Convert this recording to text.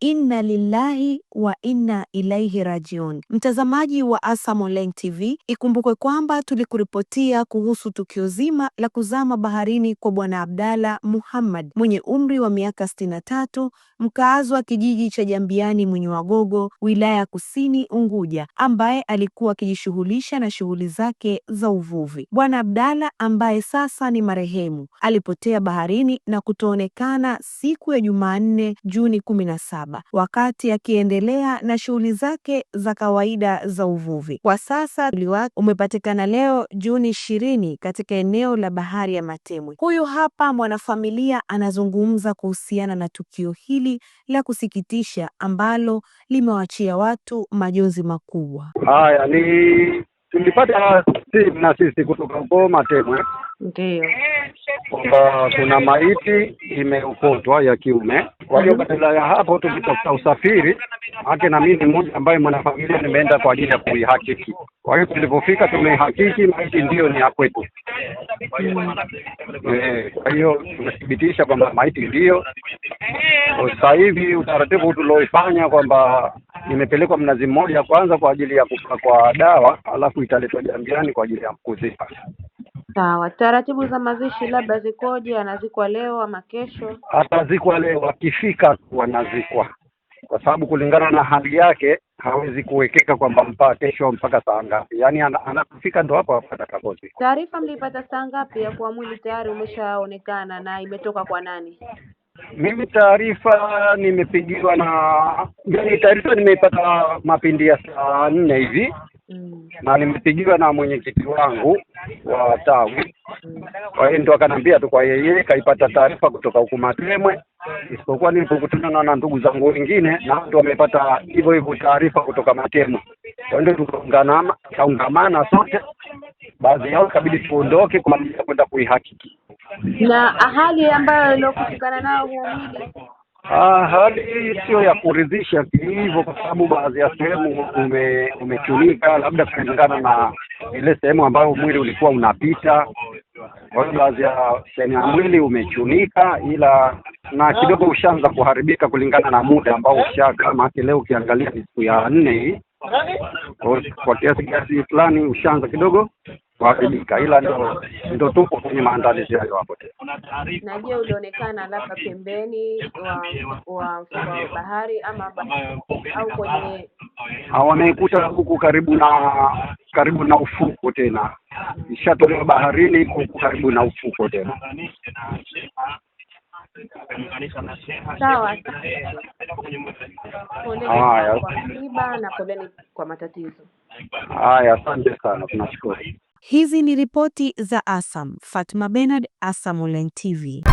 Inna lillahi wa inna ilaihi rajiun. Mtazamaji wa Asam Online TV, ikumbukwe kwamba tulikuripotia kuhusu tukio zima la kuzama baharini kwa bwana Abdalla Muhammad mwenye umri wa miaka 63, mkaazi wa kijiji cha Jambiani mwenye Wagogo, wilaya Kusini Unguja, ambaye alikuwa akijishughulisha na shughuli zake za uvuvi. Bwana Abdalla ambaye sasa ni marehemu alipotea baharini na kutoonekana siku ya Jumanne Juni 17 saba wakati akiendelea na shughuli zake za kawaida za uvuvi. Kwa sasa mwili wake umepatikana leo Juni ishirini katika eneo la bahari ya Matemwe. Huyu hapa mwanafamilia anazungumza kuhusiana na tukio hili la kusikitisha ambalo limewachia watu majonzi makubwa. Haya ni tulipata simu na sisi kutoka huko Matemwe, eh? ndio kwamba kuna maiti imeokotwa ya kiume. Kwa hiyo badala ya hapo tukitafuta usafiri, hake na mimi ni mmoja ambaye mwanafamilia nimeenda kwa ajili ya kuihakiki. Kwa hiyo tulipofika, tumeihakiki maiti ndiyo ni ya kwetu. Eh, kwa hiyo tumethibitisha kwamba maiti ndiyo. Sasa hivi utaratibu tulioifanya kwamba imepelekwa Mnazi Mmoja kwanza kwa ajili ya kupakwa dawa, alafu italetwa Jambiani kwa ajili ya kuzipa. Sawa, taratibu za mazishi labda zikoje? Anazikwa leo ama kesho? Atazikwa leo, akifika tu anazikwa, kwa sababu kulingana na hali yake hawezi kuwekeka kwamba mpaka kesho mpaka saa ngapi, yaani anapofika ndo hapo apata kabozi. Taarifa mlipata saa ngapi ya kuwa mwili tayari umeshaonekana na imetoka kwa nani? Mimi taarifa nimepigiwa na, yaani taarifa nimeipata mapindi ya saa nne hivi Mm. na nimepigiwa na mwenyekiti wangu wa tawi mm. kwa hiyo ndo tu, kwa yeye kaipata taarifa kutoka huku Matemwe, isipokuwa nilipokutana na ndugu zangu wengine na ndo wamepata hivyo hivyo taarifa kutoka Matemwe. Kwa hiyo tukaungamana sote, baadhi yao kabidi tuondoke kumaliza kwenda kuihakiki na ahali ambayo iliokutukana nao huumidi Ah, hali siyo ya kuridhisha hivyo, kwa sababu baadhi ya sehemu ume, umechunika labda kulingana na ile sehemu ambayo mwili ulikuwa unapita. Kwa hiyo baadhi ya sehemu ya mwili umechunika, ila na kidogo ushaanza kuharibika kulingana na muda ambao ushakaa. leo ukiangalia ni siku ya nne hii, kwa kiasi kiasi fulani ushaanza kidogo kuharibika, ila ndo, ndo tupo kwenye maandalizi hayo hapo tena. Na ulionekana labda pembeni wa mfuko bahari ama au kwenye wamekuta huku karibu na karibu na ufuko tena, ishatolewa baharini huku karibu na ufuko tena. Sawa. Haya, na poleni kwa matatizo haya. Asante sana, tunashukuru. Hizi ni ripoti za ASAM. Fatma Bernard, ASAM Online TV.